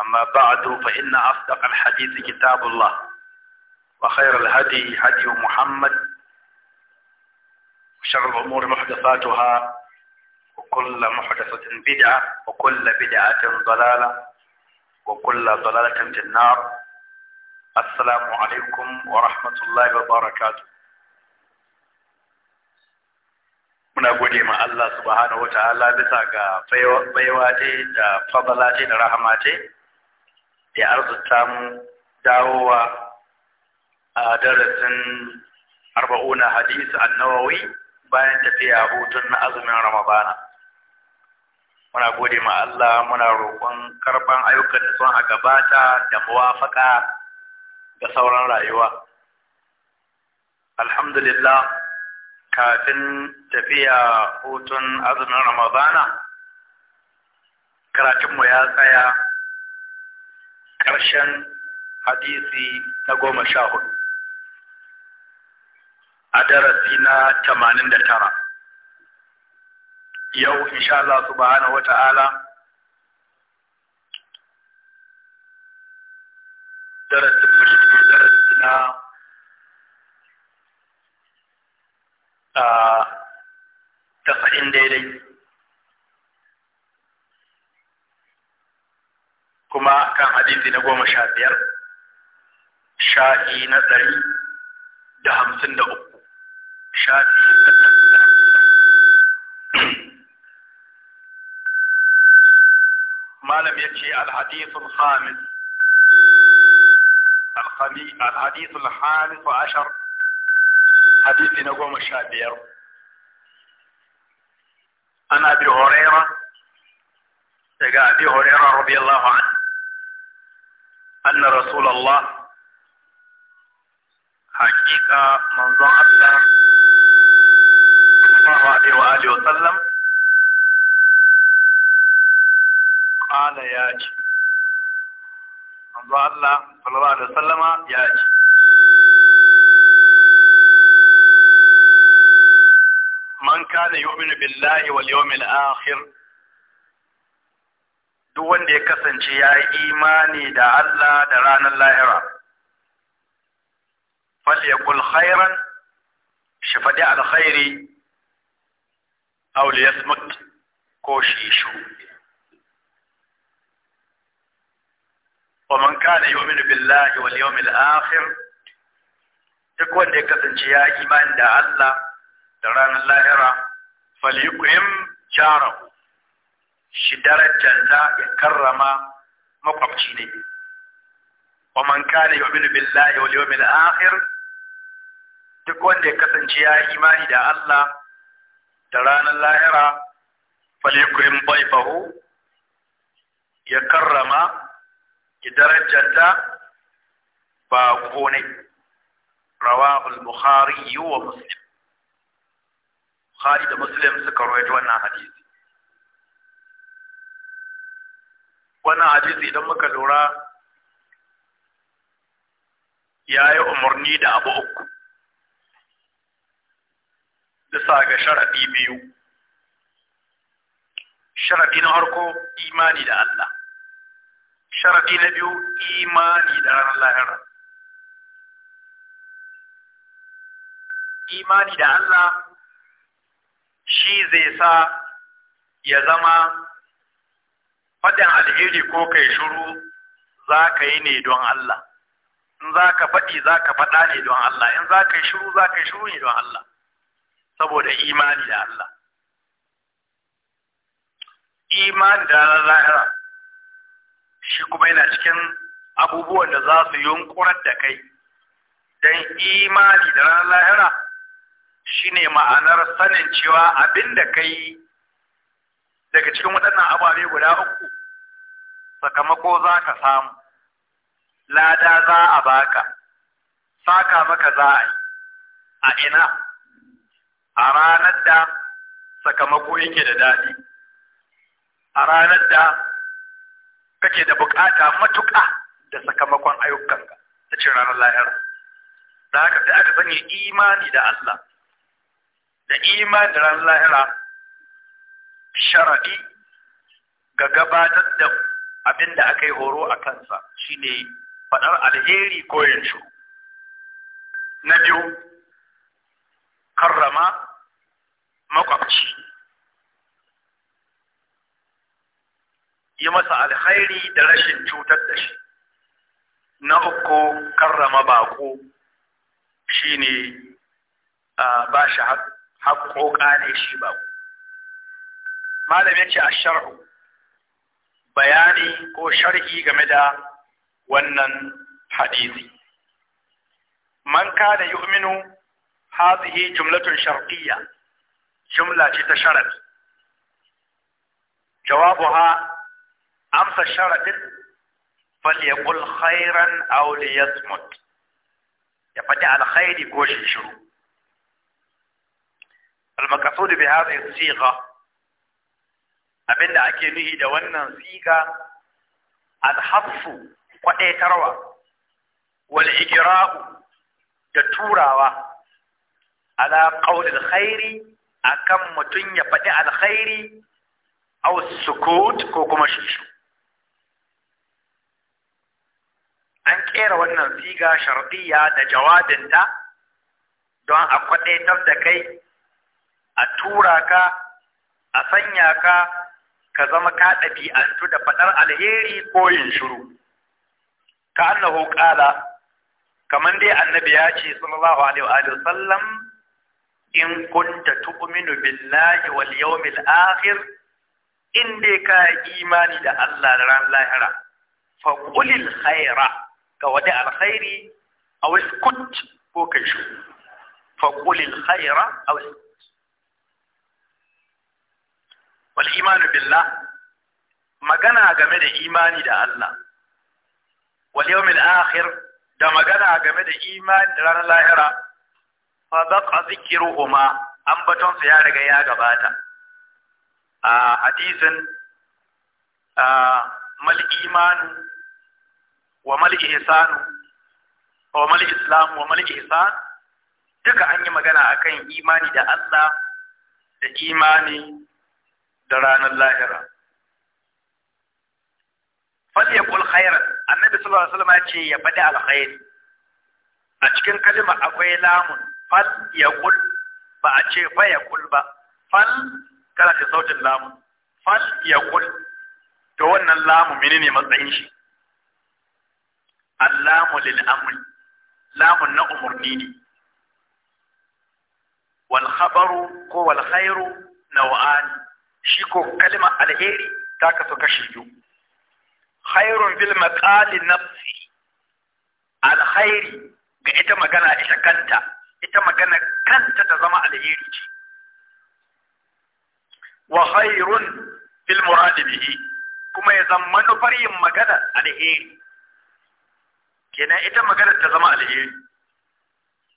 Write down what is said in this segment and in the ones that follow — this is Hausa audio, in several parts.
أما بعد فإن أصدق الحديث كتاب الله وخير الهدي هدي محمد وشر الأمور محدثاتها وكل محدثة بدعة وكل بدعة ضلالة وكل ضلالة في النار السلام عليكم ورحمة الله وبركاته من gode ma الله سبحانه وتعالى bisa ga baiwa da ya arzuta mu dawowa a darasin arba'una hadisi annawawi bayan tafiya hutun na azumin ramadana muna gode ma Allah muna roƙon karban ayyukan da sun a gabata da muwafaka ga sauran rayuwa alhamdulillah kafin tafiya hutun azumin ramadana karatunmu ya tsaya ƙarshen hadisi na goma sha hudu a darasi na tamanin da tara yau insha Allah subhanahu wa ta'ala darasi na ah, tasa'in daidai kuma kan hadisi na goma sha biyar sha'i na ɗari da hamsin da uku shafi malam ya ce alhadisul khamis alhadisul khamis wa ashar hadisi na goma sha biyar ana bi horera daga abi horera radiyallahu anhu أن رسول الله حقيقة من الله الله عليه وآله وسلم قال يا جي منظم الله صلى الله عليه وسلم يا جي من كان يؤمن بالله واليوم الآخر duk wanda ya kasance ya yi imani da Allah da ranar lahira falyakul khairan shi faɗi alkhairi aw liyasmut ko shi shu ومن كان يؤمن بالله واليوم الآخر تكون akhir duk wanda ya kasance ya imani da Allah da ranar shi darajanta ya karrama makwabci ne wa man kana yu'minu billahi wal yawmil akhir duk wanda ya kasance ya imani da Allah da ranar lahira falyukrim dayfahu ya karrama ya darajanta ba ko ne rawahu al-bukhari wa muslim Bukhari da Muslim suka rawaito wannan hadisi Wani hadisi idan muka lura ya yi umarni da abu uku bisa ga sharaɗi biyu sharaɗi na harko imani da Allah sharaɗi na biyu imani da ranar lahira imani da Allah shi zai sa ya zama faɗin alheri ko kai shuru za ka yi ne don Allah in za ka faɗi za ka faɗa ne don Allah in za ka yi shuru za ka yi shuru ne don Allah saboda imani da Allah imani da ranar lahira shi kuma yana cikin abubuwan da za su yunkurar da kai don imani da ranar lahira shi ne ma'anar sanin cewa abin da ka yi daga cikin waɗannan ababe guda uku sakamako za ka samu lada za a baka saka maka za a yi a ina a ranar da sakamako yake da daɗi a ranar da kake da bukata matuƙa da sakamakon ayyukanka ta cin ranar lahira da haka sai aka sanya imani da Allah da imani da ranar lahira sharaɗi ga gabatar da abin da aka yi horo a kansa shine faɗar alheri ko yanzu na biyu karrama makwabci yi masa alheri da rashin cutar da shi na uku karrama bako shine ah, ba shi haƙoƙa ne shi bako malam ya ce a shar'u bayani ko sharhi game da wannan hadisi man kana yu'minu hadhihi jumlatun sharqiyya jumla ce ta sharat jawabuha amsa sharatin falyaqul khairan aw liyasmut ya fadi alkhairi ko shi shuru المقصود بهذه الصيغه abinda ake nuhi da wannan siga alhafsu kwadaitarwa wal igra'u da turawa ala qaulil khairi akan mutum ya faɗi alkhairi aw sukut ko kuma shishu. an ƙera wannan siga shar'iyya da jawabinta don a kwadaitar da kai a tura ka a sanya ka ka zama ka ɗabi'antu da faɗar alheri ko yin shiru ka annahu qala kamar dai annabi ya ce sallallahu alaihi wa alihi sallam in kunta tu'minu billahi wal yawmil akhir in dai ka imani da Allah da ran lahira fa qulil khaira ka wada alkhairi aw iskut ko kai shiru fa qulil khaira aw iskut wal imanu magana game da imani da Allah wal yawmil akhir da magana game da imani da ranar lahira fa baqa zikruhuma ambaton su ya riga ya gabata a hadisin a wa wa duka an yi magana akan imani da Allah da imani da ranar lahira fal ya yaqul khairan annabi sallallahu alaihi wasallam ce ya faɗi alkhairi a cikin kalma akwai lamun fal ya yaqul ba a ce fa yaqul ba fal kana ta sautin lamun fal ya yaqul to wannan lamu menene matsayin shi allamu lil amri lamun na umurni ne wal khabaru ko wal khairu naw'ani shi ko kalmar alheri ta kasu kashi biyu khairun bil maqali nafsi alkhairi ga ita magana ita kanta ita magana kanta ta zama alheri ce wa khairun fil muradi bihi kuma ya zama manufar yin magana alheri kenan ita magana ta zama alheri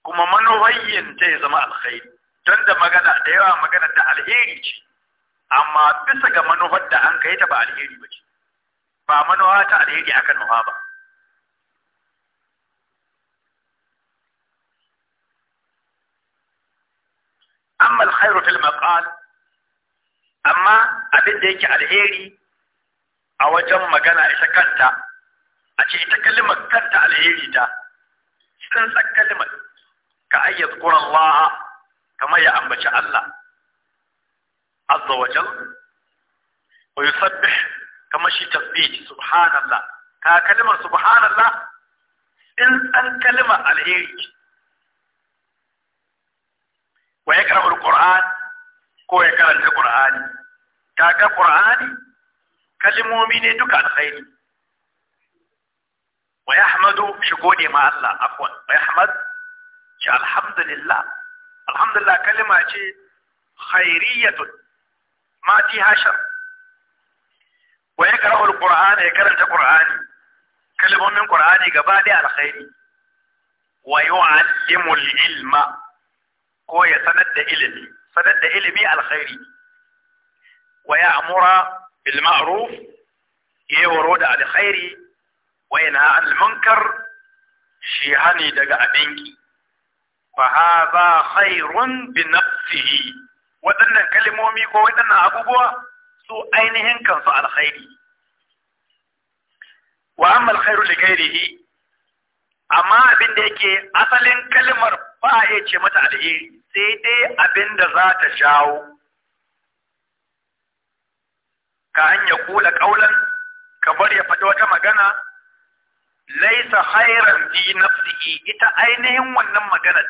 kuma manufar yin ta ya zama alkhairi don da magana da yawa magana ta alheri ce amma bisa ga manufar da an kai ta ba alheri ba ce ba manufa ta alheri aka nufa ba amma alkhairu fil maqal amma abin da yake alheri a wajen magana ita kanta a ce ita kalmar kanta alheri ta sun san ka ayyadkura Allah kamar ya ambaci Allah عز وجل ويصبح كما شيء تقبيج سبحان الله كلمة سبحان الله إن الكلمة العيج ويقرأ القرآن كو يقرأ القرآن كا كقرآن كلمة مؤمنة دكا الخير ويحمد شكوني مع الله أقوى ويحمد الحمد لله الحمد لله كلمة خيرية ma fi hashar wa ya karahul Alƙur'ani? ya karanta qur'ani kalmomin qur'ani gaba da alkhairi wa yu'allimul ilma ko ya sanar da ilimi sanar da ilimi alkhairi wa ya'mura bil ma'ruf ya da alkhairi wa yanha al munkar shi hani daga abinki fa hadha khairun bi nafsihi waɗannan kalimomi ko waɗannan abubuwa su ainihin kansu alkhairi wa amma alkhairu li ghairihi amma abin da yake asalin kalmar ba a ce mata alheri sai dai abin da za ta jawo ka an ya kula kaulan ka bar ya faɗi wata magana laisa khairan bi nafsihi ita ainihin wannan maganar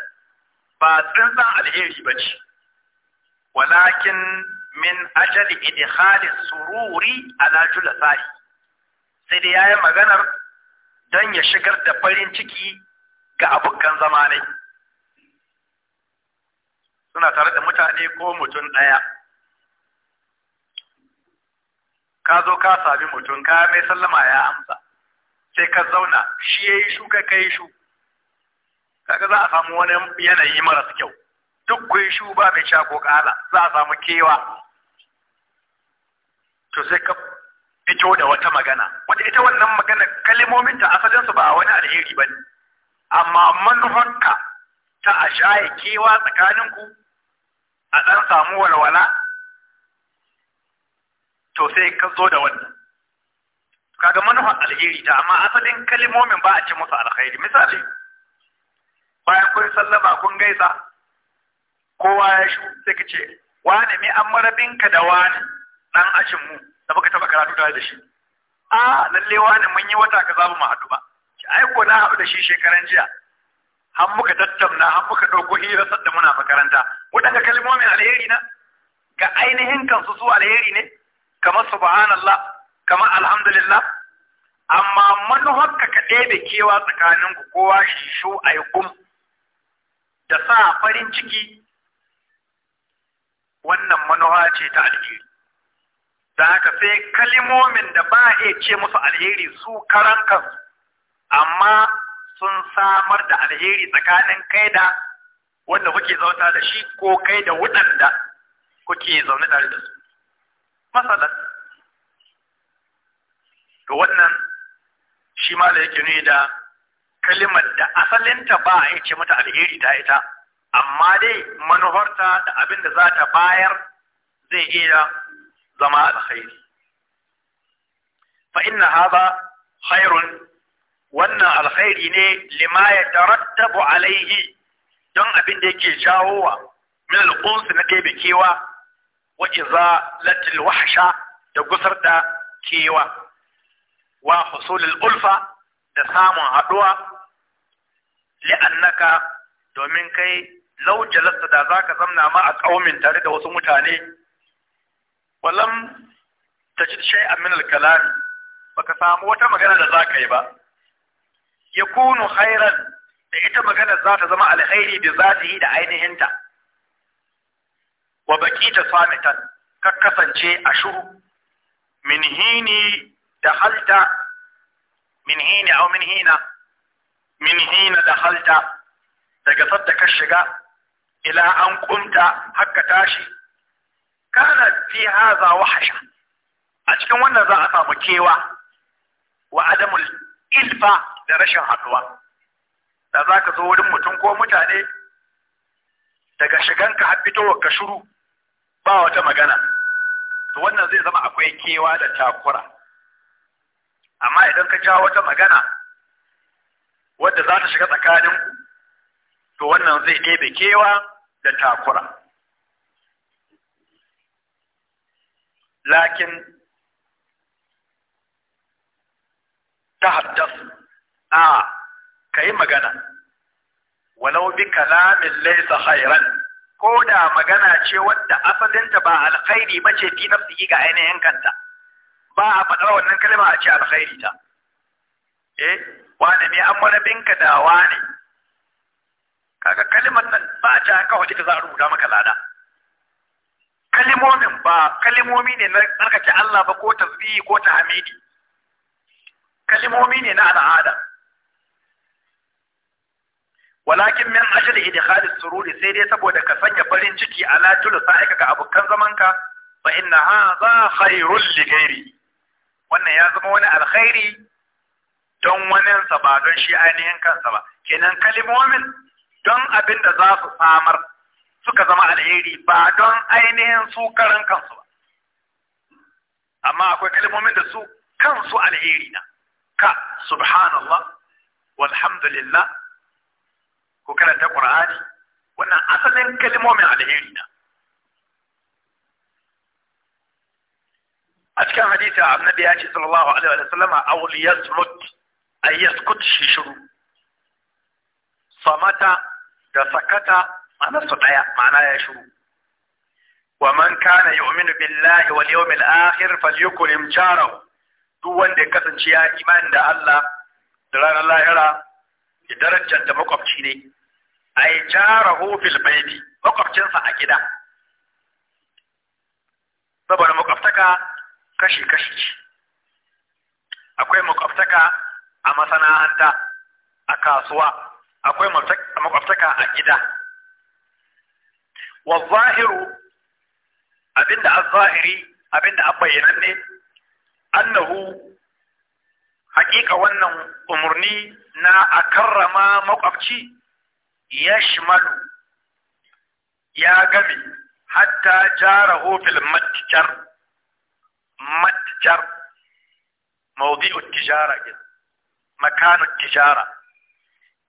ba tsintsan alheri ba ce walakin min ajali idkhali sururi ala julasai sai dai yayi maganar don ya shigar da farin ciki ga abokan zamanai suna tare da mutane ko mutum ɗaya ka zo ka sami mutum ka mai sallama ya amsa sai ka zauna shi ya yi shu kai ka yi za a samu wani yanayi maras kyau duk ku shu ba mai sha ko kala za a samu kewa to sai ka fito da wata magana wata ita wannan magana kalimomin ta asalin su ba wani alheri ne. amma manufarka ta a shaye kewa tsakanin ku a dan samu walwala to sai ka zo da wannan kaga manufar alheri ta amma asalin kalimomin ba a ce musu alheri misali bayan kun sallama kun gaisa kowa ya shi sai ka ce wani mai an marabinka da wani dan ashin mu da baka taba karatu tare da shi a lalle wani mun yi wata ka ba mu haɗu ba ai ko na haɗu da shi shekaran jiya har muka tattauna har muka ɗauko hira da muna makaranta waɗanda kalmomin alheri na ga ainihin kansu su alheri ne kamar subhanallah kamar alhamdulillah amma manuwarka ka ɗebe kewa tsakanin ku kowa shi shu da sa farin ciki wannan manuwa ce ta alheri da haka sai kalimomin da ba a ce musu alheri su karan kansu amma sun samar da alheri tsakanin kai da wanda kuke zauta da shi ko kai da waɗanda kuke zaune tare da su masalan to wannan shi ma da yake nuni da kalimar da asalinta ba a ce mata alheri ta ita amma dai manufarta da abin da za ta bayar zai iya zama alkhairi fa haza hadha wannan alkhairi ne limaye ya tarattabu alaihi don abin da yake jawowa min alquns na ɗebe kewa wa iza latil wahsha da gusar da kewa wa husulul ulfa da samun haɗuwa li'annaka domin kai lau jalasta da za ka zamna ma a ƙaumin tare da wasu mutane walam ta ji shai a min alkalami ba ka samu wata magana da za ka yi ba ya kunu hairan da ita magana za ta zama alkhairi da za ta yi da ainihinta wa baki ta samitan ka kasance a shuru min hini da halta min hini au min hina min hina da halta daga sadda ka shiga ila an ƙunta hakka tashi kana fi haza wahasha a cikin wannan za a samu kewa wa adamul ilfa da rashin haduwa da za ka zo wurin mutum ko mutane daga shiganka har fitowar ka shuru ba wata magana to wannan zai zama akwai kewa da takura amma idan ka ja wata magana wadda za ta shiga tsakanin to wannan zai ɗebe kewa da takura lakin ta tahaddas a kai magana walau bi kalamin laysa khairan ko da magana ce wadda asalinta ba alkhairi ba ce fi nafsihi ga ainihin kanta ba a faɗar wannan kalma a ce alkhairi ta eh wani ne an marabinka da wani kaga kalimar nan ba a ce wace ta za a rubuta maka lada kalimomin ba kalimomi ne na tsarkake Allah ba ko tasbihi ko hamidi kalimomi ne na al'ada walakin min ajal idkhal sururi sai dai saboda ka sanya farin ciki ala sa aika ga abokan zamanka fa inna hadha khairul li ghairi wannan ya zama wani alkhairi don waninsa ba don shi ainihin kansa ba kenan kalimomin don abin da za su samar suka zama alheri ba don ainihin su karan kansu ba amma akwai kalmomin da su kansu alheri na ka subhanallah walhamdulillah ko karanta qur'ani wannan asalin kalmomin alheri na a cikin hadisi annabi ya ce sallallahu alaihi wa sallama awliyasmut ay yaskut shi shiru samata da sakata ma'ana su daya ma'ana ya shiru wa man kana yu'minu billahi wal yawmil akhir falyukrim jarahu duk wanda ya kasance ya imani da Allah da ranar lahira ya darajanta makwabci ne ay jarahu fil baiti makwabcinsa a gida saboda makwabtaka kashi kashi akwai makwabtaka a masana'anta a kasuwa أقول مفتك مفتكا أجدا والظاهر أبند الظاهري أبند أبيناني أنه حقيقة وأن أمرني نا أكرما مقفتي يشمل يا قمي حتى جاره في المتجر متجر موضوع التجارة مكان التجارة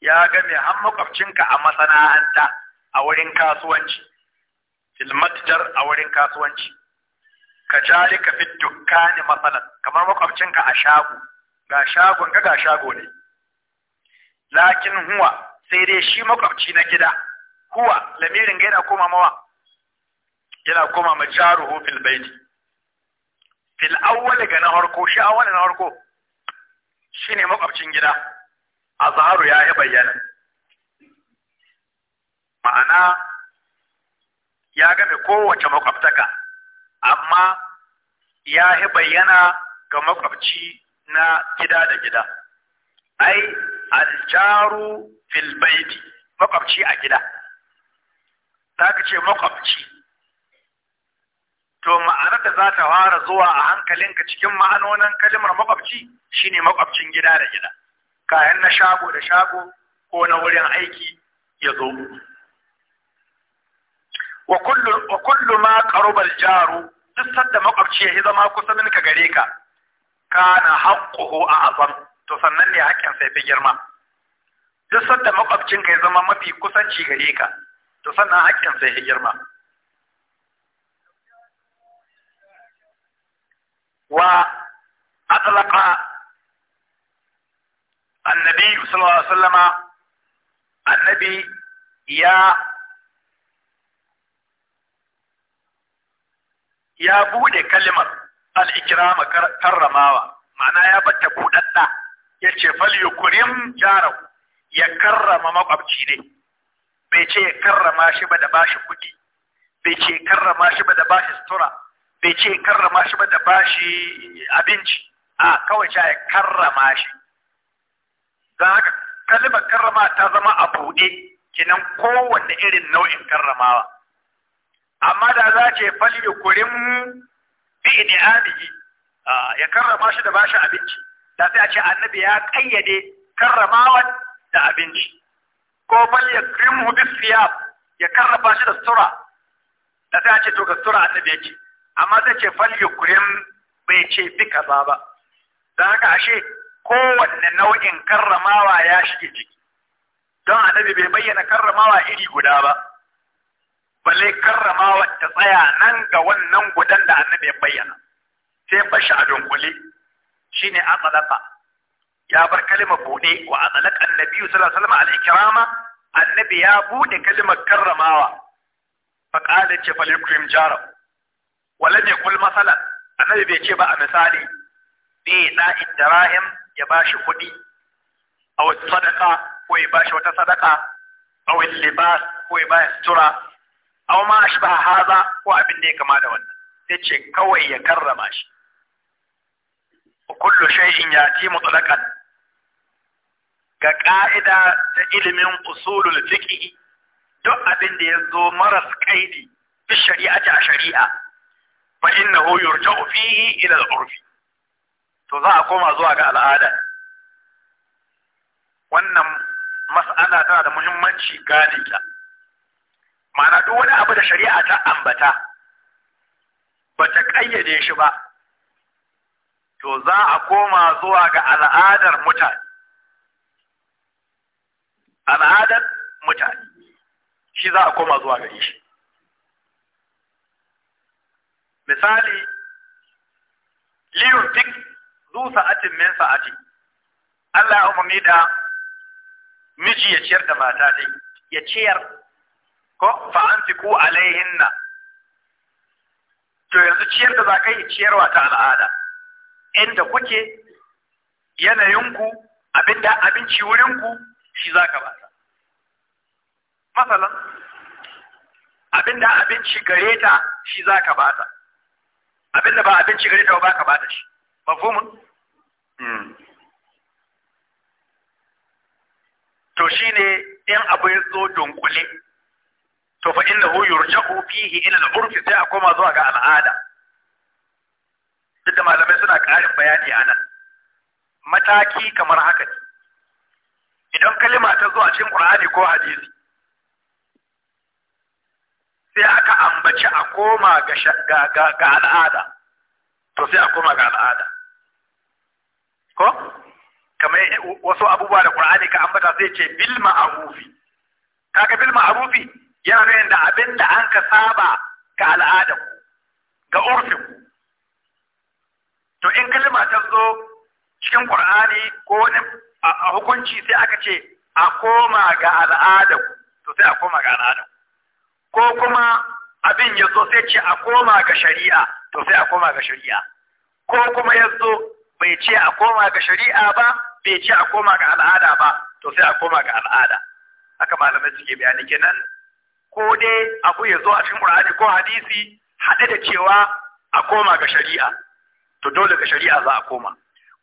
ya ga mai an makwabcinka a masana'anta a wurin kasuwanci filmatijar a wurin kasuwanci ka ka fi dukkani matsalar, kamar makwabcinka a shago ga shagon ka ga shago ne lakin huwa sai dai shi makwabci na gida huwa lamirin ga yana koma mawa yana koma ma jaruhu fil baiti fil awwal ga na harko shi awwal na harko shine makwabcin gida azharu ya yi bayyana ma'ana ya game kowace makwabtaka amma ya yi bayyana ga makwabci na gida da gida ai aljaru fil baiti makwabci a gida ta ce makwabci to ma'anar da za ta fara zuwa a hankalinka cikin ma'anonin kalimar makwabci shine makwabcin gida da gida kayan na shago da shago ko na wurin aiki ya zo wa kullu ma qarubal jaru duk sanda makwabci ya zama kusa minka gare ka kana haqquhu a azam to sannan ne hakkin sai fi girma duk sanda makwabcin ka ya zama mafi kusanci gare ka to sannan hakkin sai fi girma wa atlaqa annabi sallallahu alaihi wasallama annabi ya ya bude kalmar al-ikrama karramawa ma'ana ya batta budadda yace fal yukrim jarahu ya karrama makwabci ne bai ce ya karrama shi ba da bashi kuɗi bai ce karrama shi ba da bashi sutura bai ce karrama shi ba da bashi abinci a kawai ya karrama shi za ka kalmar karrama ta zama a buɗe kinan kowanne irin nau'in karramawa amma da za ce fali da kurin bi ne ya karrama shi da bashi abinci da sai a ce annabi ya kayyade karramawan da abinci ko fal ya krimhu bi ya karrama shi da sura da sai a ce to ga sura annabi ya ce amma zai ce fal da kurin bai ce bi kaza ba Za haka ashe kowanne nau'in karramawa ya shige ciki don annabi bai bayyana karramawa iri guda ba balle karramawa ta tsaya nan ga wannan gudan da annabi ya bayyana sai bashi a dunkule shine atsalaka ya bar kalmar bude wa atsalaka annabi sallallahu alaihi wasallam al-ikrama annabi ya bude kalmar karramawa fa qala ce fa likum jara wala ne kul masala annabi bai ce ba a misali bi da idrahim ya bashi kudi aw sadaqa ko ya bashi wata sadaqa aw libas ko ya bashi sutura aw ma ashbaha haza ko abin da ya kama da wannan sai ce kawai ya karrama shi kullu shay'in yati mutlaqan ga qa'ida ta ilimin usulul fiqh duk abin da yazo maras kaidi fi shari'ati a shari'a fa innahu yurja'u fihi ila al-urfi to za a koma zuwa ga al'ada wannan mas'ala tana da muhimmanci gane ta ma'ana duk wani abu da shari'a ta ambata ba ta ƙayyade shi ba to za a koma zuwa ga al'adar mutane al'adar mutane shi za a koma zuwa ga shi misali liyun duk zu sa'atin min sa'ati Allah ya umarni da miji ya ciyar da mata dai ya ciyar ko fa anfiqu alaihinna to yanzu ciyar da zakai ciyarwa ta al'ada inda kuke yanayinku abinda abinci wurinku shi zaka bata masalan abinda abinci gare ta shi zaka bata abinda ba abinci gare ta ba ka bata shi mafhumun hmm. to shine in abu ya zo dunkule to fa innahu yurja'u fihi ila al urf sai a koma zuwa ga al'ada duk da malamai suna ƙarin bayani a nan mataki kamar haka ne idan kalima ta zo a cikin Qur'ani ko hadisi sai aka ambaci a koma ga al'ada to sai a koma ga al'ada ko kamar wasu abubuwa da ƙur'ani ka ambata sai ce bil ma'rufi kaga bil ma'rufi yana nuna da abin da an ka saba ga al'ada ku ga urfin ku to in kalma ta zo cikin Qur'ani ko wani a hukunci sai aka ce a koma ga al'ada ku to sai a koma ga al'ada ko kuma abin ya zo sai ce a koma ga shari'a to sai a koma ga shari'a ko kuma ya zo bai ce a koma ga shari'a ba bai ce a koma ga al'ada ba to sai a koma ga al'ada haka malamai suke bayani kenan ko dai abu ya zo a cikin Qur'ani ko hadisi haɗe da cewa a koma ga shari'a to dole ga shari'a za a koma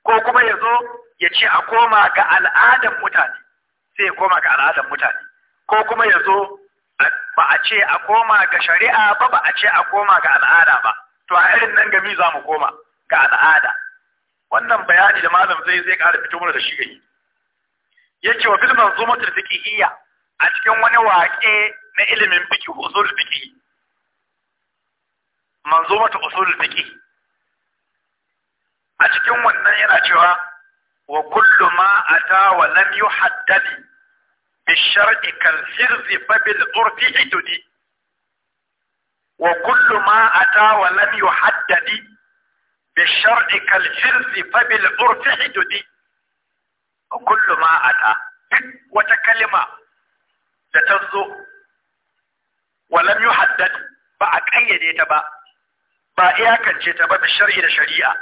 ko kuma ya zo ya ce a koma ga al'adan mutane sai ya koma ga al'adan mutane ko kuma ya zo ba a ce a koma ga shari'a ba ba a ce a koma ga al'ada ba to a irin nan gami za mu koma ga al'ada wannan bayani da malam zai zai ƙara fito mana da shi gai yace wa bil manzumatul fiqhiyya a cikin wani waƙe na ilimin fiqh usul fiqh manzumatul usul fiqh a cikin wannan yana cewa wa kullu ma ata wa lam yuhaddad bi shar'i kal sirri fa bil urfi itudi wa kullu ma ata wa lam yuhaddad بالشرع كالحرز فبالعرف حدودي وكل ما أتى وتكلمة لتنزو ولم يحدد بعد أي ديتبا بائيا كان جيتبا بالشرع إلى شريعة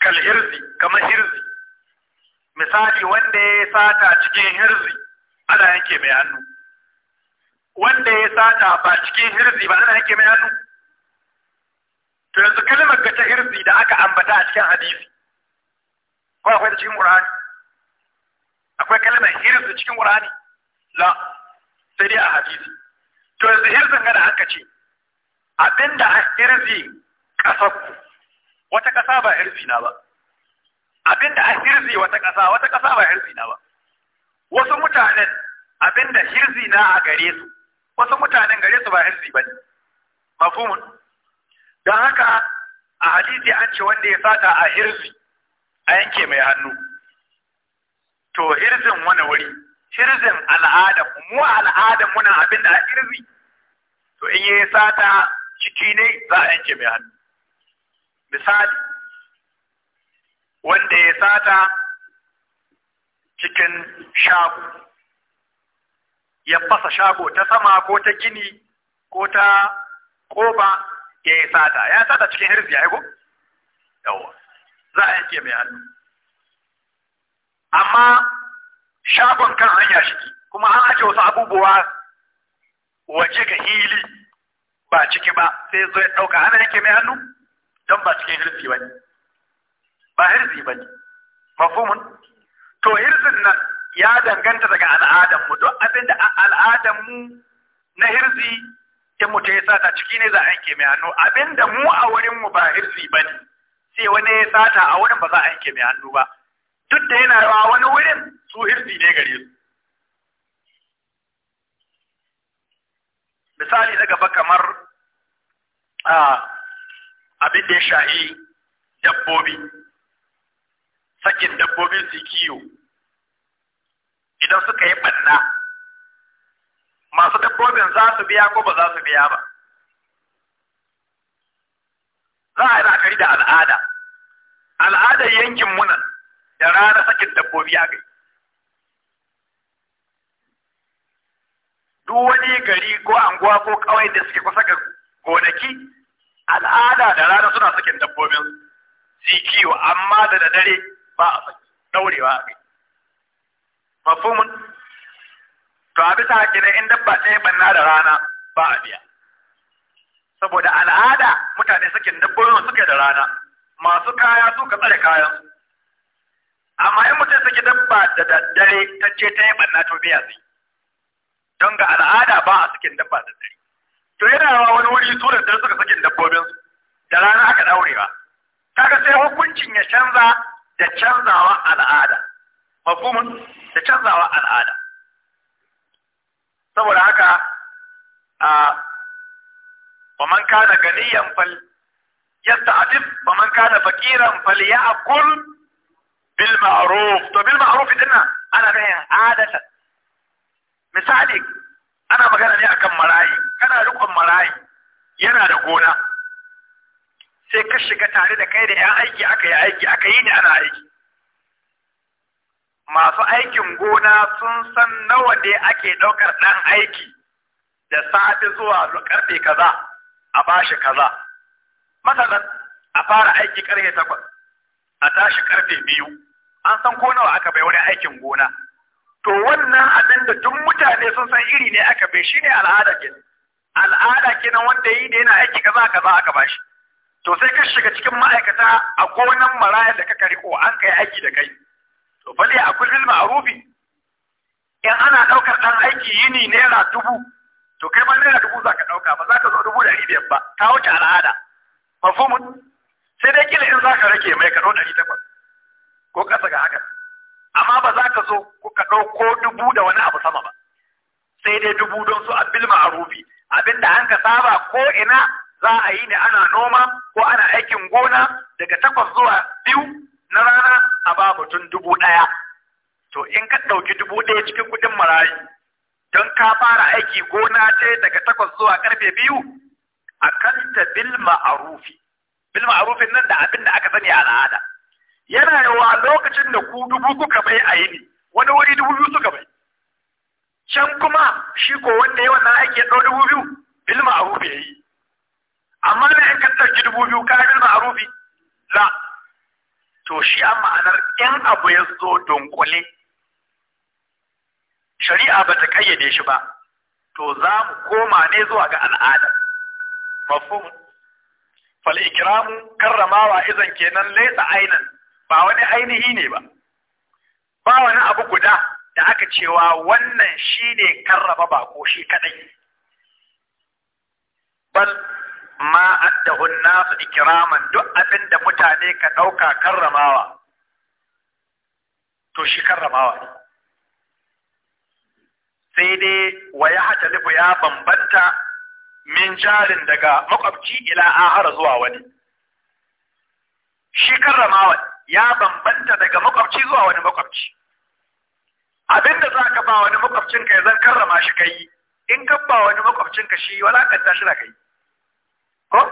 كالحرز كما حرز misali wanda ya sata cikin hirzi ana yanke mai hannu wanda ya sata ba cikin hirzi ba ana yanke mai hannu to yanzu kalmar ga ta hirzi da aka ambata a cikin hadisi ko akwai da cikin qur'ani akwai kalmar hirzi cikin qur'ani la sai dai a hadisi to yanzu hirzin ga da aka ce abinda a hirzi kasar ku wata kasa ba hirzi na ba abinda a hirzi wata kasa wata kasa ba hirzi na ba wasu mutanen abinda hirzi na a gare su wasu mutanen gare su ba hirzi ba ne, mafhumun don haka a hadisi an ce wanda ya sata a hirzi a yanke mai hannu to hirzin wani wuri hirzin al'ada mu al'ada muna abin da a hirzi to in ya sata ciki ne za a yanke mai hannu misali wanda ya sata cikin shago ya fasa shago ta sama ko ta gini ko ta ƙoba ya yi sata ya sata cikin hirzi ya yi ko yawa za a yanke mai hannu amma shagon kan hanya shi kuma an ake wasu abubuwa waje ga hili ba ciki ba sai zo ya ɗauka ana yanke mai hannu don ba cikin hirzi ba ne ba hirzi ba ne mafumin to hirzin nan ya danganta daga al'adarmu don abinda da al'adarmu na hirzi mu mutum ya sata ciki ne za a yi mai hannu abinda mu a wurin mu ba hirsi ba ne sai wani ya sata a wurin ba za a yanke mai hannu ba duk da yana yawa wani wurin su hirsi ne gare su misali na gaba kamar abin da ya sha'i dabbobi sakin dabbobin su kiyo idan suka yi ɓanna masu dabbobin za su biya ko ba za su biya ba za a yi la'akari da al'ada al'adar yankin munan da rana sakin dabbobi a gai duk wani gari ko anguwa ko kawai da suke kusa ga gonaki al'ada da rana suna sakin dabbobin su kiwo amma da dare ba a daurewa a kai to a bisa hakinin in dabba ɗaya banna da rana ba a biya saboda al'ada mutane suke dabbobin suke da rana masu kaya su ka tsare kayan amma in mutum suke dabba da daddare ta ce ta yi banna to biya zai don ga al'ada ba a suke dabba da daddare. to yana rawa wani wuri su da dare suka suke dabbobin da rana aka ba. kaga sai hukuncin ya canza da canzawa al'ada mafhumun da canzawa al'ada saboda haka a waman kana ganiyan fal yasta'dib waman kana faqiran falyakul bil ma'ruf to bil ma'ruf ana nuna adatan misali ana magana ne akan marayi kana rikon marayi yana da gona sai ka shiga tare da kai da ya aiki aka yi aiki aka yi ne ana aiki masu aikin gona sun san nawa ne ake ɗaukar ɗan aiki da safe zuwa karfe kaza a bashi kaza masalan a fara aiki karfe takwas a tashi karfe biyu an san ko nawa aka bai wani aikin gona to wannan abin da duk mutane sun san iri ne aka bai shi ne al'ada kenan al'ada kenan wanda yi da yana aiki kaza kaza aka bashi to sai ka shiga cikin ma'aikata a gonan maraya da ka kariko an kai aiki da kai to bale a kullum ma'arufi in ana daukar dan aiki yini naira dubu to kai ma naira dubu za ka dauka ba za ka zo dubu dari biyar ba ta wuce al'ada mafhumun sai dai kila in za ka rage mai ka dari takwas ko kasa ga haka amma ba za ka zo ko ka ɗauko dubu da wani abu sama ba sai dai dubu don su abin ma'arufi abinda an ka saba ko ina za a yi ne ana noma ko ana aikin gona daga takwas zuwa biyu na rana a ba mutum dubu ɗaya to in ka ɗauki dubu ɗaya cikin kuɗin marayu don ka fara aiki gona ce daga takwas zuwa karfe biyu a kanta bil ma'arufi bil ma'arufin nan da abin da aka sani a al'ada yana yawa lokacin da ku dubu kuka bai a yini wani wuri dubu biyu suka bai can kuma shi ko wanda ya wannan aiki ya ɗau dubu biyu bil ma'arufi ya yi amma na in ka ɗauki dubu biyu ka bil ma'arufi la to shi a ma'anar in abu ya zo dunkule shari'a ba ta kayyade shi ba to za mu koma ne zuwa ga al'ada mafum fal ikramu karramawa idan kenan laysa ainan ba wani ainihi ne ba ba wani abu guda da aka cewa wannan shine karrama ko shi kadai bal ma addahun nasu ikiraman duk abin da mutane ka ɗauka karramawa to shi karramawa ne sai dai wa ya hatalifu ya bambanta min jarin daga makwabci ila ahara zuwa wani shi karramawa ya bambanta daga makwabci zuwa wani makwabci abinda za ka ba wani makwabcinka ya zan karrama shi kai in ka ba wani makwabcinka shi walakanta shi na kai ko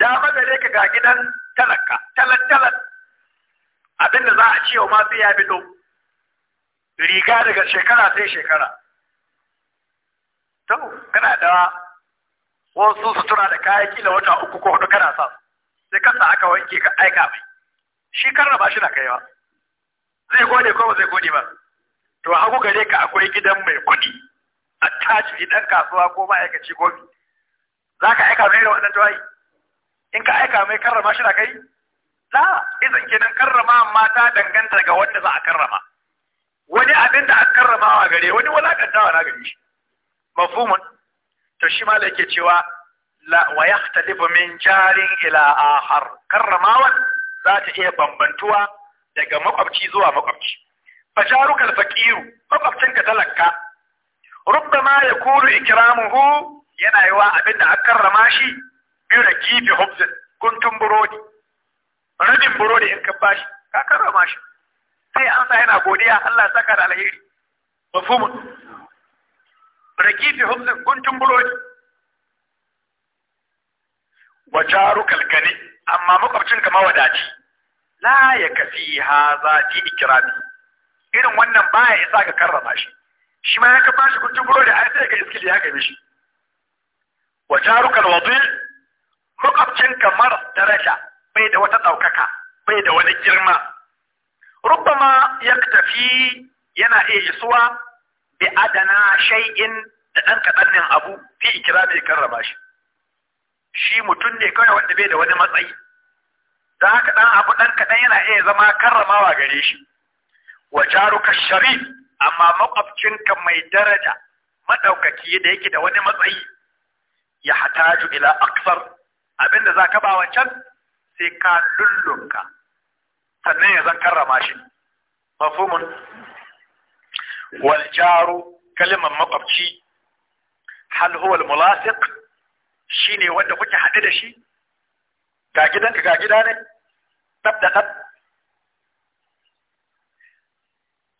dama da ka ga gidan talaka talat talat abin da za a ce wa masu ya bido riga daga shekara sai shekara to kana da wasu sutura da kaya kila wata uku ko hudu kana sa sai kansa aka wanke ka aika mai shi karraba shi na kaiwa zai gode ko ba zai gode ba to hagu gare ka akwai gidan mai kuɗi a tashi idan kasuwa ko ma'aikaci ko za ka aika mai da wannan tawayi in ka aika mai karrama shi na kai la izin kenan karrama mata danganta daga wanda za a karrama wani abin da aka karramawa gare wani walakantawa na gare shi mafhumun to shi ma yake cewa la wa yahtalifu min jarin ila ahar karramawan za ta iya bambantuwa daga makwabci zuwa makwabci fajaruka alfaqiru makwabcinka talakka rubbama ya kuru ikramuhu yana yiwa abin da a karrama shi biyu da kifi hubzin guntun burodi rabin burodi in ka bashi ka karrama shi sai an yana godiya Allah saka da alheri mafhumun rakifi hubzin guntun burodi wa jaru kalkani amma makwabcin ka mawadaci la ya kafi haza fi ikrami irin wannan baya isa ka karrama shi shi ma ya ka bashi kuncin burodi ai sai ga iskili ya gabe shi wa jarukal wadi makwabcin kamar daraja bai da wata ɗaukaka bai da wani girma rubama ya tafi yana iya isuwa bi adana shay'in da dan kaɗannin abu fi ikira mai karrama shi shi mutum ne kawai wanda bai da wani matsayi don haka ɗan abu ɗan kaɗan yana iya zama karramawa gare shi wa jaruka sharif amma makwabcinka mai daraja maɗaukaki da yake da wani matsayi ya hataju ila aksar abinda za ka ba wancan sai ka lullunka sannan ya zan karrama shi mafhumun wal jaru kalmar makwabci hal huwal mulasiq shine wanda kuke haɗe da shi ga gidanka ga gida ne tab da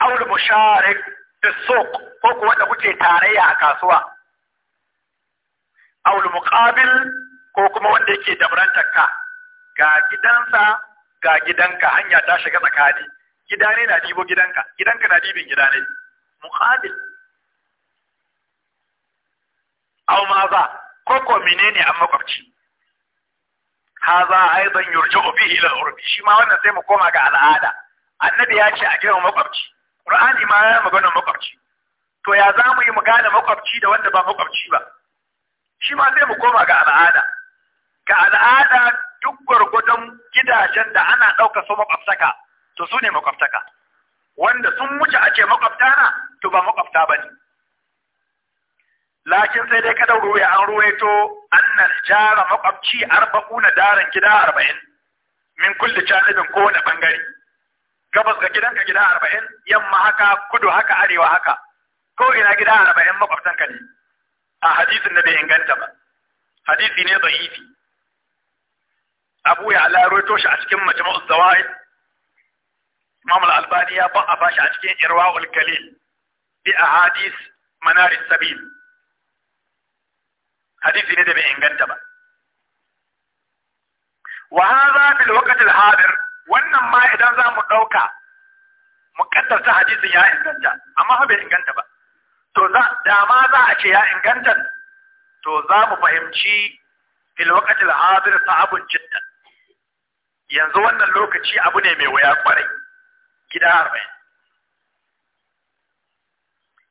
awul musharik fi suq ko kuwa da kuke tarayya a kasuwa awul muqabil ko kuma wanda yake dabrantar ka ga gidansa ga gidanka hanya ta shiga tsakani gida ne na dibo gidanka gidanka na dibin gida ne muqabil aw maza ko ko menene an makwabci haza aidan yurja'u bihi ila urbi shi ma wannan sai mu koma ga al'ada annabi ya ce a girma makwabci Qur'ani ma ya magana makwabci to ya za mu yi mu gane makwabci da wanda ba makwabci ba shi ma sai mu koma ga al'ada ga al'ada duk gwargwadon gidajen da ana ɗauka su makwabtaka to su ne makwabtaka wanda sun wuce a ce makwabta na to ba makwabta ba ne lakin sai dai kada ruwe, an ruwaito annal jara makwabci arba'una daran gida arba'in min kulle janibin kowane bangare gabas ga gidanka gida arba'in yamma haka kudu haka arewa haka ko ina gida arba'in makwabtanka ne a hadisin da bai inganta ba hadisi ne da'ifi abu ya Allah ya roto shi a cikin majma'uz zawaid imam al-albani ya ban a bashi a cikin irwaul kalil bi ahadis manar sabil hadisi ne da bai inganta ba wa hadha bil waqt al-hadir wannan ma idan za mu ɗauka mu kaddarta hadisin ya inganta amma fa bai inganta ba to za da ma za a ce ya inganta to za mu fahimci fil waqti al hadir sa'abun jiddan yanzu wannan lokaci abu ne mai waya kwarai gida arba'in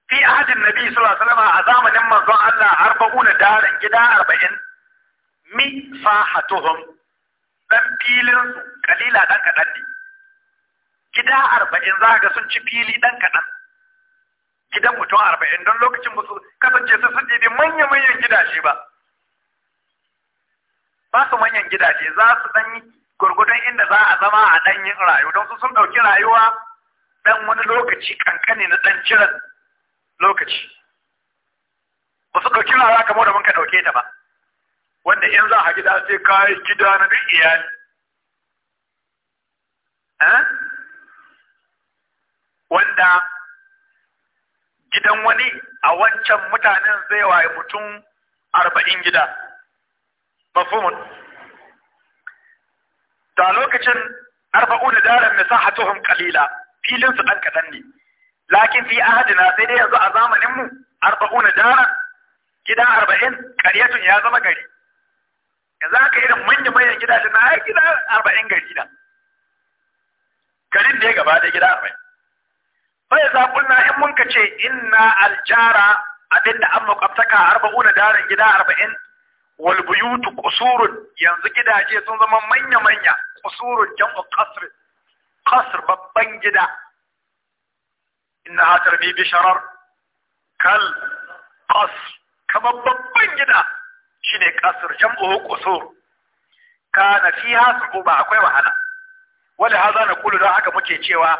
fi ahadin nabi sallallahu alaihi wasallam a zamanin manzon Allah arba'una daran gida arba'in mi fahatuhum dan filin kalila dan kaɗan ne gida arba'in za ga sun ci fili dan kaɗan gidan mutum arba'in don lokacin musu kasance su sun ɗibi manya-manyan gidaje ba ba su manyan gidaje za su ɗan yi gurgudun inda za a zama a ɗan yin rayu don su sun ɗauki rayuwa ɗan wani lokaci kankane na ɗan jiran lokaci ba su ɗauki rayuwa kamar da muka ɗauke ta ba wanda in za a gida sai ka yi gida na duk iyali eh? wanda gidan wani a wancan mutanen zai waye mutum arba'in gida mafhumun da lokacin arba'u da daren misahatuhum sa filin su ɗan kaɗan ne lakin fi ahadina sai dai yanzu a zamaninmu arba'u da daren gida arba'in ƙaryatun ya zama gari yanzu haka irin manya manyan gidajen na ya gida arba'in gari na garin da ya gaba da gida arba'in fa ya zaɓulna in mun ka ce inna aljara abinda an makwabtaka arba'una darin gida arba'in wal buyutu qusurun yanzu gidaje sun zama manya manya qusurun jam'u qasr qasr babban gida inna tarbi bi sharar kal qasr kamar babban gida shine qasr jam'uhu qusur kana fiha su'uba akwai wahala wala hadha naqulu da haka muke cewa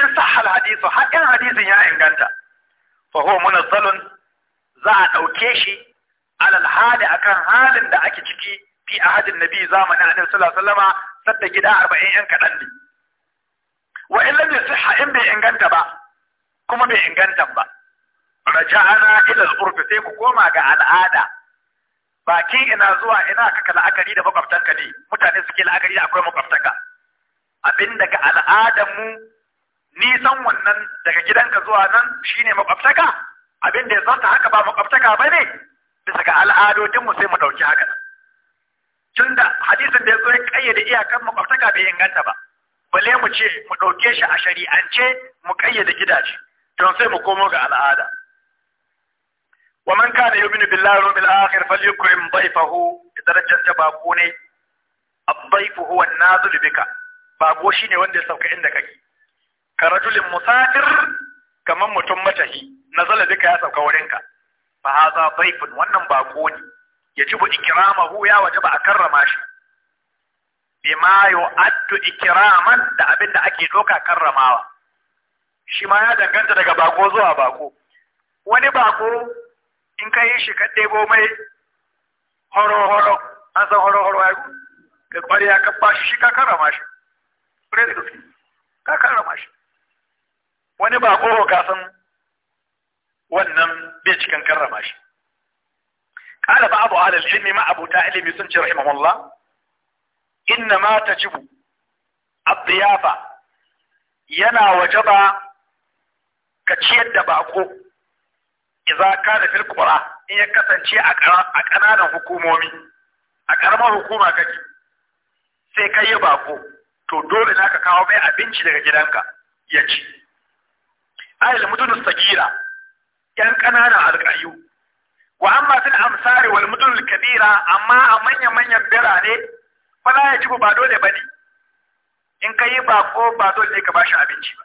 in sahal hadithu har in hadisin ya inganta fa huwa munazzalun za a dauke shi alal hali akan halin da ake ciki fi ahadin nabi zamanin annabi sallallahu alaihi wasallama sadda gida 40 yan kadan ne wa in lam in bai inganta ba kuma bai inganta ba raja'ana ila al-urf sai ku koma ga al'ada baki ina zuwa ina kaka la'akari da makwabtanka ne mutane suke la'akari da akwai makwabtanka abin daga al'adarmu nisan wannan daga gidanka zuwa nan shine makwabtaka abin da ya zanta haka ba makwabtaka ba ne bisa ga al'adodinmu sai mu ɗauki haka tunda hadisin da ya zo ya ƙayyade iyakar makwabtaka bai inganta ba bale mu ce mu ɗauke shi a shari'ance mu kayyade gidaje don sai mu komo ga al'ada wa man kana yu'minu billahi wal yawmil akhir falyukrim dhayfahu darajar ta bako ne abdayfu huwa an-nazil bika bako shine wanda ya sauka inda kake ka rajulin musafir kamar mutum matahi nazala bika ya sauka wurinka fa hadha dhayfun wannan bako ne Ya yajibu ikramahu ya wajaba a karrama shi bima yu'addu ikraman da abin da ake doka karramawa shi ma ya danganta daga bako zuwa bako wani bako in ka yi shi ka ɗebo mai horo-horo an san horo-horo ya yi ka ya ka bashi, shi ka karama shi presidency ka karama shi wani ba ƙoho ka san wannan bai cikin karama shi ƙala ba abu alal ilmi ma abu ilimi sun ce Allah. inna ma ta jibu yana wajaba ka ciyar da baƙo iza ka fil qura in ya kasance a ƙananan hukumomi a ƙaramar hukuma kake sai ka yi bako to dole na kawo mai abinci daga gidanka ya ci ayil mudun sagira yan ƙananan alƙayu wa amma fil amsari wal mudun kabira amma a manyan manyan birane la ya ci ba dole bane in ka yi bako ba dole ne ka bashi abinci ba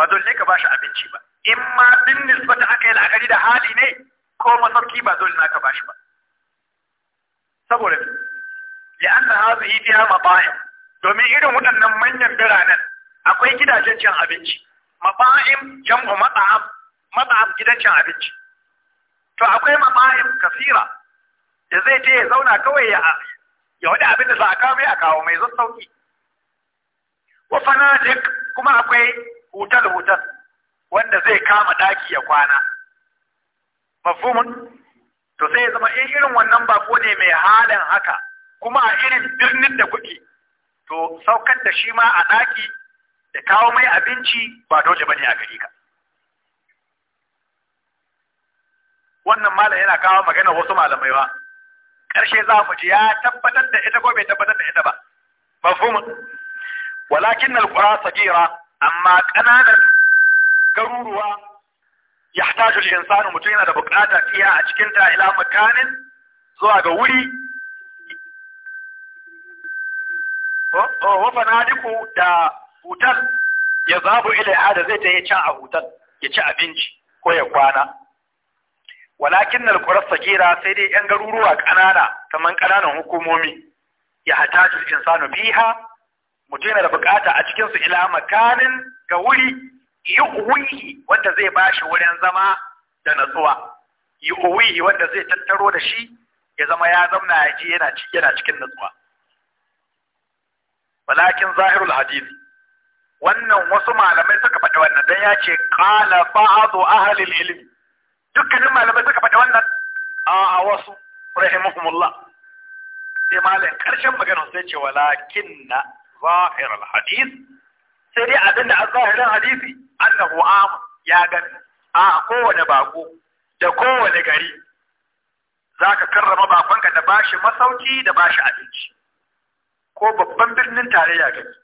ba dole ka bashi abinci ba in ma bin nisbata aka yi la'akari da hali ne ko masauki ba dole na ka bashi ba saboda li'anna yi fiha mabahim domin irin waɗannan manyan biranen akwai gidajen cin abinci mabahim jam'u mat'am mat'am gidan cin abinci to akwai mabahim kafira da zai je ya zauna kawai ya ya wani abin da za a kawo mai a kawo mai zan sauki wa fanatik kuma akwai hotel hotel wanda zai kama daki ya kwana mafhumun to sai ya zama in irin wannan bako ne mai halin haka kuma a irin birnin da kuke to saukar da shi ma a daki da kawo mai abinci ba dole bane a gari ka wannan malam yana kawo magana wasu malamai ba ƙarshe za mu ji ya tabbatar da ita ko bai tabbatar da ita ba mafhumun walakin alqura sagira amma ƙananan garuruwa ya tajul insanu mutum yana da bukata fiya a cikin ta ila makanin zuwa ga wuri na duku da hutar ya zabu ilaiha da zai ta yi can a hutar ya ci abinci ko ya kwana walakin na lukurar sagira sai dai yan garuruwa ƙanana kamar ƙananan hukumomi ya hatajul insanu biha mutum yana da bukata a cikinsu ila makanin ga wuri yu'wihi wanda zai bashi wurin zama da natsuwa yu'wihi wanda zai tattaro da shi ya zama ya zamna ya ji yana yana cikin natsuwa walakin zahirul hadith wannan wasu malamai suka faɗi wannan dan ya ce qala fa'adu ahli ilmi dukkanin malamai suka faɗi wannan a wasu rahimakumullah sai malam karshen maganar sai ce walakinna zahir al-hadith sai dai abin da zahirin hadisi annahu am ya gani a kowane bako da kowane gari zaka karrama bakonka da bashi masauki da bashi abinci ko babban birnin tarayya gari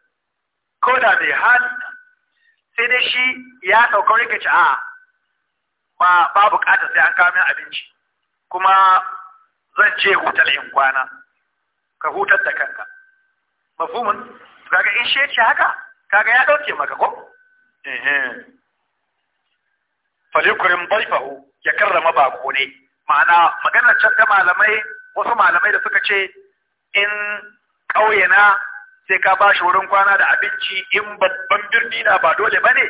ko da mai hali sai dai shi ya sauka rika ci a ba ba bukata sai an kawo min abinci kuma zan ce hutar in kwana ka hutar da kanka mafumin kaga in shi yace haka kaga ya dauke maka ko eh falikurin dayfahu ya karrama bako ne ma'ana maganar can ta malamai wasu malamai da suka ce in ƙauyena sai ka bashi wurin kwana da abinci in babban birni na ba dole ba ne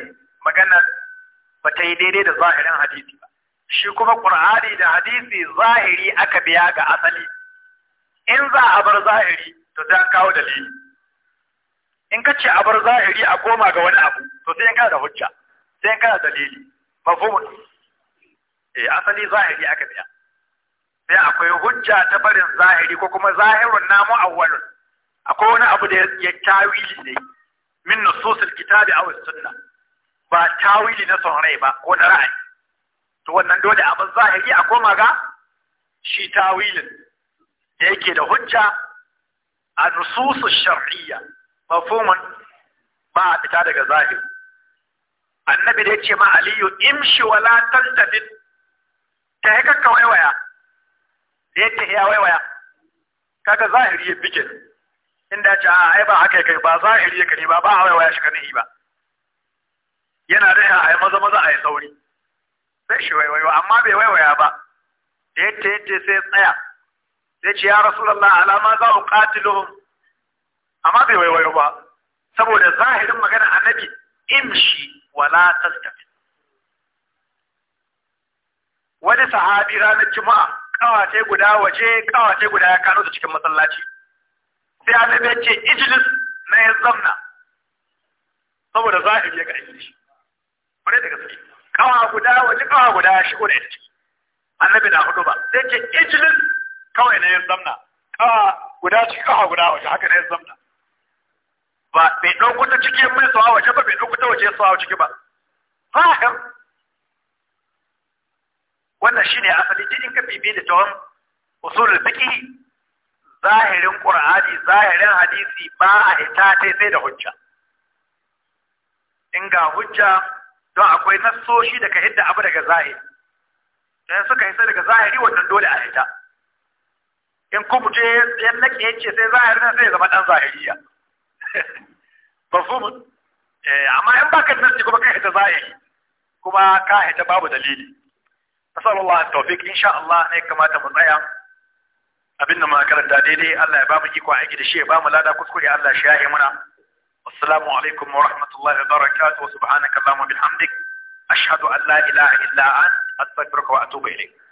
ba ta yi daidai da zahirin hadisi ba shi kuma ƙur'ani da hadisi zahiri aka biya ga asali in za a bar zahiri to sai an kawo dalili in ka ce abar zahiri a koma ga wani abu to sai in kana da hujja sai in kana dalili mafhumun eh asali zahiri aka biya sai akwai hujja ta barin zahiri ko kuma zahirun namu awwalun akwai wani abu da ya tawili ne min nususil kitabi aw sunna ba tawili na son rai ba ko na ra'ayi to wannan dole bar zahiri a koma ga shi tawilin da yake da hujja a nususu shar'iyya mafhumun ba a fita daga zahiri annabi da yace ma aliyu imshi wala tantafit ta haka ka waiwaya da yake ya waiwaya kaga zahiri ya bige inda ya ce a ai ba haka kai ba zahiri kare ba ba a waiwaya shi kanihi ba yana a maza maza a amma bai waiwaya ba da sai tsaya ya ce ya rasulallah alama za mu katiluhum amma bai waiwayo ba saboda zahirin magana annabi imshi wala tastafi wani sahabi ranar juma'a kawace guda waje kawace guda ya kano da cikin masallaci sai annabi ya ce ijlis na ya zamna saboda zahiri ya ga shi kwarai daga sai kawa guda waje kawa guda ya shigo da ita ciki annabi na hudu ba sai ce ijlis kawai na ya zamna kawa guda ciki kawa guda waje haka na ya zamna ba bai ɗauko ta ciki mai tsawa waje ba bai ɗauko ta waje tsawa ciki ba fahim wannan shine asali cikin ka bibi da tawon usulul fiqh zahirin qur'ani zahirin hadisi ba a ita tai sai da hujja in ga hujja don akwai nassoshi daga hidda abu daga zahiri dan suka hisa daga zahiri wannan dole a hita in kubuce ya nake yake sai na sai zama dan zahiriya mafhumun eh amma in ba ka nasi kuma ka ta zahiri kuma ka hita babu dalili nasallallahu tawfiq insha Allah ne kamata mu tsaya abin da makaranta daidai Allah ya ba mu iko aiki da shi ya ba mu lada kuskure Allah shi ya yi muna assalamu alaikum wa rahmatullahi wa barakatuh subhanakallahumma bihamdik ashhadu an la ilaha illa anta astaghfiruka wa atubu ilayk